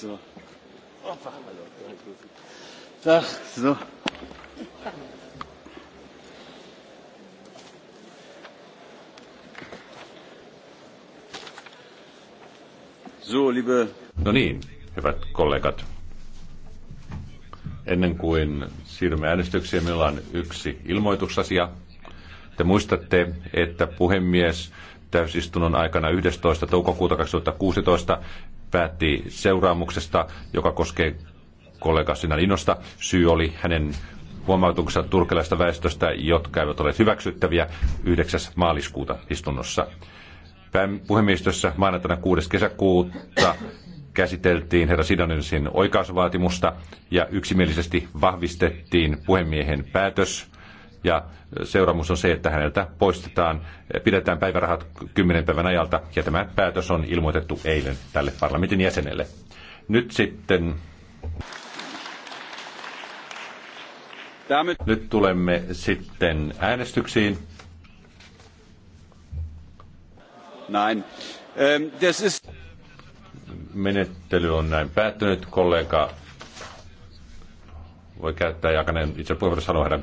So. Ach, so. So, liebe... No niin, hyvät kollegat. Ennen kuin siirrymme äänestykseen, meillä on yksi ilmoitusasia. Te muistatte, että puhemies täysistunnon aikana 11. toukokuuta 2016 päätti seuraamuksesta, joka koskee kollega Sinalinosta. Syy oli hänen huomautuksensa turkelaista väestöstä, jotka eivät ole hyväksyttäviä 9. maaliskuuta istunnossa. Puhemiestössä maanantaina 6. kesäkuuta käsiteltiin herra Sidonensin oikaisuvaatimusta ja yksimielisesti vahvistettiin puhemiehen päätös ja seuraamus on se, että häneltä poistetaan, pidetään päivärahat kymmenen päivän ajalta ja tämä päätös on ilmoitettu eilen tälle parlamentin jäsenelle. Nyt sitten... Nyt tulemme sitten äänestyksiin. Näin. Ähm, is... Menettely on näin päättynyt. Kollega voi käyttää jakanen itse puheenvuoron sanoa